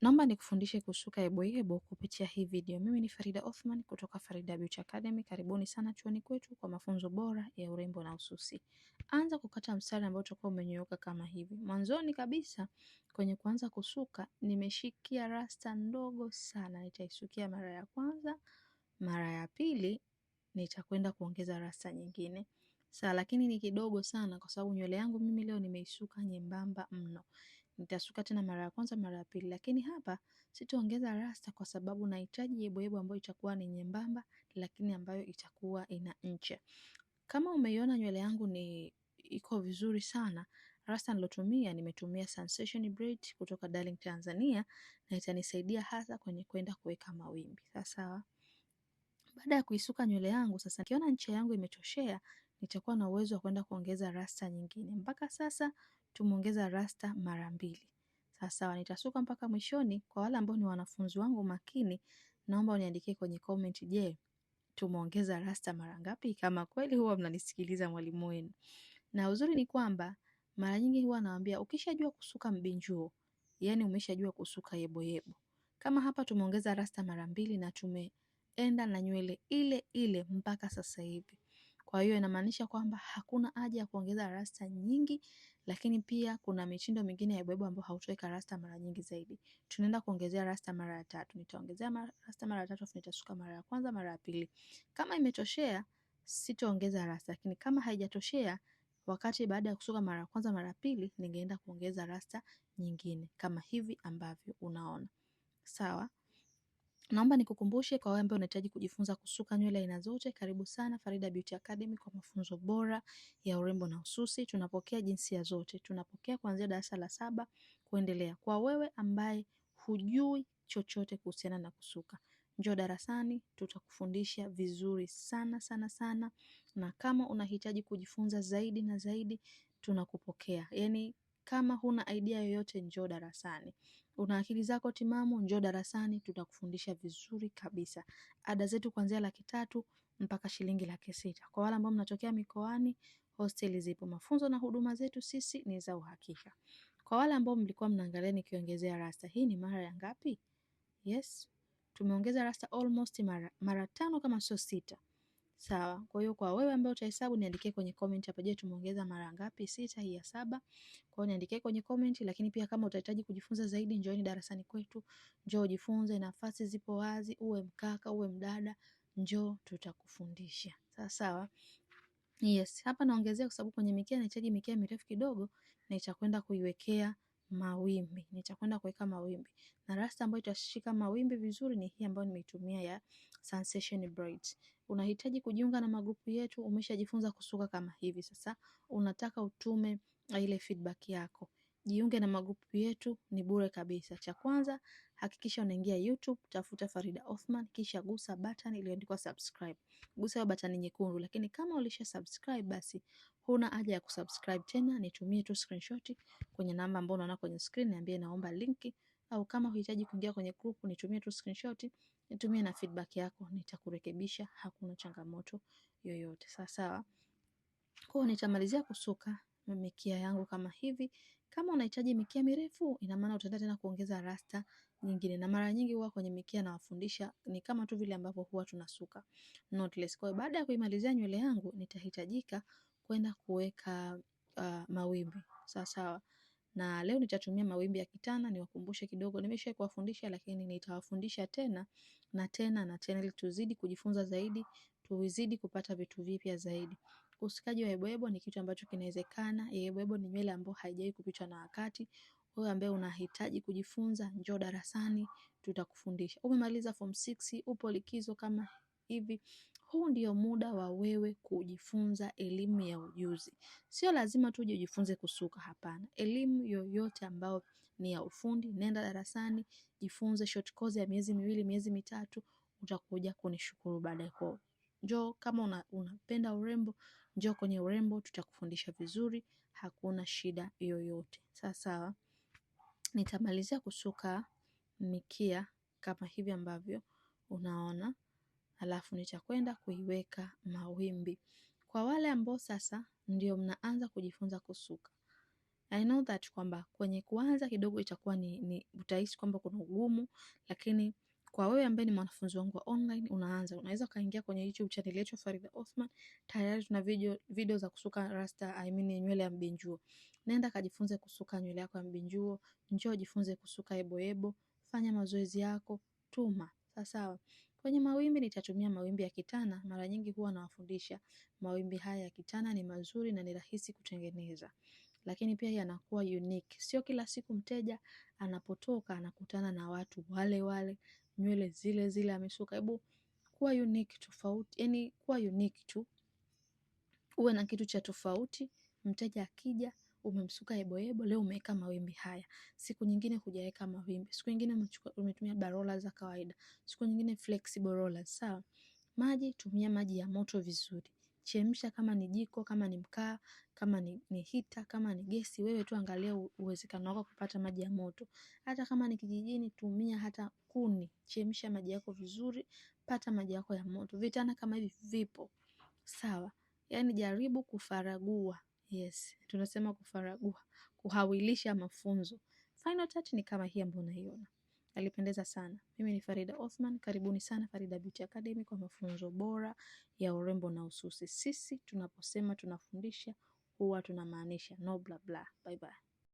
Naomba nikufundishe kusuka yebo kupitia hii video. Mimi ni Farida Othman kutoka Farida Beauty Academy. Karibuni sana chuoni kwetu kwa mafunzo bora ya urembo na ususi. Anza kukata mstari ambao utakuwa umenyooka kama hivi. Mwanzoni kabisa kwenye kuanza kusuka nimeshikia rasta ndogo sana. Nitaisukia mara ya kwanza, mara ya pili nitakwenda kuongeza rasta nyingine. Sawa, lakini ni kidogo sana kwa sababu nywele yangu mimi leo nimeisuka nyembamba mno. Nitasuka tena mara ya kwanza, mara ya pili, lakini hapa sitaongeza rasta kwa sababu nahitaji yeboyebo ambayo itakuwa ni nyembamba, lakini ambayo itakuwa ina ncha. Kama umeiona nywele yangu ni iko vizuri sana. Rasta nilotumia nimetumia Sensation Braid kutoka Darling Tanzania na itanisaidia hasa kwenye kwenda kuweka mawimbi. Sasa baada ya kuisuka nywele yangu sasa, nikiona ncha yangu imetoshea, nitakuwa na uwezo wa kwenda kuongeza rasta nyingine. Mpaka sasa tumeongeza rasta mara mbili. Sawasawa, nitasuka mpaka mwishoni. Kwa wale ambao ni wanafunzi wangu makini, naomba uniandikie kwenye comment, je, tumeongeza rasta mara ngapi, kama kweli huwa mnanisikiliza mwalimu wenu. Na uzuri ni kwamba mara nyingi huwa anawaambia ukishajua kusuka mbinjuo, yani umeshajua kusuka yeboyebo. Kama hapa tumeongeza rasta mara mbili na tumeenda na nywele ile ile mpaka sasa hivi. Kwa hiyo inamaanisha kwamba hakuna haja ya kuongeza rasta nyingi, lakini pia kuna mitindo mingine ya bebu ambayo hautoweka rasta mara nyingi zaidi. Tunaenda kuongezea rasta mara ya tatu. Nitaongezea rasta mara ya tatu afu nitasuka mara ya kwanza, mara ya pili. Kama imetoshea sitaongeza rasta, lakini kama haijatoshea wakati baada ya kusuka mara ya kwanza, mara ya pili, ningeenda kuongeza rasta nyingine kama hivi ambavyo unaona. Sawa? Naomba nikukumbushe kwa wewe ambaye unahitaji kujifunza kusuka nywele aina zote, karibu sana Farida Beauty Academy kwa mafunzo bora ya urembo na ususi. Tunapokea jinsia zote, tunapokea kuanzia darasa la saba kuendelea. Kwa wewe ambaye hujui chochote kuhusiana na kusuka, njoo darasani, tutakufundisha vizuri sana sana sana, na kama unahitaji kujifunza zaidi na zaidi, tunakupokea yani kama huna idea yoyote, njoo darasani. Una akili zako timamu, njoo darasani, tutakufundisha vizuri kabisa. Ada zetu kuanzia laki tatu mpaka shilingi laki sita. Kwa wale ambao mnatokea mikoani, hosteli zipo. Mafunzo na huduma zetu sisi ni za uhakika. Kwa wale ambao mlikuwa mnaangalia nikiongezea rasta, hii ni mara ya ngapi? Yes, tumeongeza rasta almost mara, mara tano kama sio sita sawa. Kwa hiyo kwa wewe ambaye utahesabu, niandikie kwenye comment hapa. Je, tumeongeza mara ngapi? Sita, hii ya saba. Kwa hiyo niandikie kwenye comment, lakini pia kama utahitaji kujifunza zaidi, njooni darasani kwetu, njoo ujifunze, nafasi zipo wazi, uwe mkaka uwe mdada, njoo tutakufundisha. Sawa sawa. Yes, hapa naongezea kwa sababu kwenye mikia nahitaji mikia mirefu kidogo na itakwenda kuiwekea mawimbi. Nitakwenda kuweka mawimbi na rasta ambayo itashika mawimbi vizuri ni hii ambayo nimeitumia ya Sensation Braids. Unahitaji kujiunga na magrupu yetu, umeshajifunza kusuka kama hivi. Sasa unataka utume ile feedback yako jiunge na magrupu yetu, ni bure kabisa. Cha kwanza hakikisha unaingia YouTube, tafuta Farida Othman, kisha gusa button iliyoandikwa subscribe. Gusa hiyo button nyekundu, lakini kama ulisha subscribe basi huna haja ya kusubscribe tena, nitumie tu screenshot kwenye namba ambayo unaona kwenye screen, niambie naomba link, au kama uhitaji kuingia kwenye group nitumie tu screenshot, nitumie na feedback yako, nitakurekebisha, hakuna changamoto yoyote. Sawa sawa. Kwa hiyo nitamalizia kusuka mikia yangu kama hivi kama unahitaji mikia mirefu, ina maana utaenda tena kuongeza rasta nyingine, na mara nyingi huwa kwenye mikia nawafundisha ni kama tu vile ambavyo huwa tunasuka knotless. Kwa hiyo baada ya kuimalizia nywele yangu nitahitajika kwenda kuweka uh, mawimbi sawa sawa, na leo nitatumia mawimbi ya kitana. Niwakumbushe kidogo, nimesha kuwafundisha, lakini nitawafundisha tena na tena na tena, ili tuzidi kujifunza zaidi, tuzidi kupata vitu vipya zaidi. Usukaji wa hebehebo ni kitu ambacho kinawezekana. Hebehebo ni nywele ambayo haijawahi kupitwa na wakati. Wewe ambaye unahitaji kujifunza, njoo darasani tutakufundisha. Umemaliza form 6, upo likizo kama hivi, huu ndio muda wa wewe kujifunza elimu ya ujuzi. Sio lazima tu ujifunze kusuka, hapana. Elimu yoyote ambayo ni ya ufundi, nenda darasani, jifunze short course ya miezi miwili, miezi mitatu, utakuja kunishukuru baadaye. Kwa njoo kama una, unapenda urembo njoo kwenye urembo, tutakufundisha vizuri, hakuna shida yoyote. Sawa sawa. Nitamalizia kusuka mikia kama hivi ambavyo unaona, alafu nitakwenda kuiweka mawimbi. Kwa wale ambao sasa ndio mnaanza kujifunza kusuka, I know that kwamba kwenye kuanza kidogo itakuwa ni, ni utahisi kwamba kuna ugumu, lakini kwa wewe ambaye ni mwanafunzi wangu wa online unaanza, unaweza ukaingia kwenye YouTube channel yetu Farida Othman, tayari tuna video, video za kusuka rasta, I mean nywele ya mbinjuo Nenda kajifunze kusuka nywele yako ya mbinjuo njoo jifunze kusuka eboebo, fanya mazoezi yako, tuma sawa Kwenye mawimbi nitatumia mawimbi ya kitana. Mara nyingi huwa nawafundisha mawimbi haya ya kitana, ni mazuri na ni rahisi kutengeneza lakini pia yanakuwa unique. Sio kila siku mteja anapotoka anakutana na watu wale wale, nywele zile zile amesuka. Hebu kuwa unique, tofauti, yani kuwa unique tu, uwe na kitu cha tofauti. Mteja akija umemsuka yeboyebo leo umeweka mawimbi haya, siku nyingine hujaweka mawimbi, siku nyingine umetumia barola za kawaida, siku nyingine flexible rollers. Sawa, maji tumia maji ya moto vizuri chemsha kama ni jiko, kama ni mkaa, kama ni, ni hita, kama ni gesi, wewe tu angalia uwezekano wako kupata maji ya moto. Hata kama ni kijijini, tumia hata kuni, chemsha maji yako vizuri, pata maji yako ya moto. Vitana kama hivi vipo sawa, yani jaribu kufaragua. Yes, tunasema kufaragua, kuhawilisha mafunzo. Final touch ni kama hii ambayo unaiona. Alipendeza sana. Mimi ni Farida Othman, karibuni sana Farida Beauty Academy kwa mafunzo bora ya urembo na ususi. Sisi tunaposema tunafundisha huwa tunamaanisha. No bla bla. Bye bye.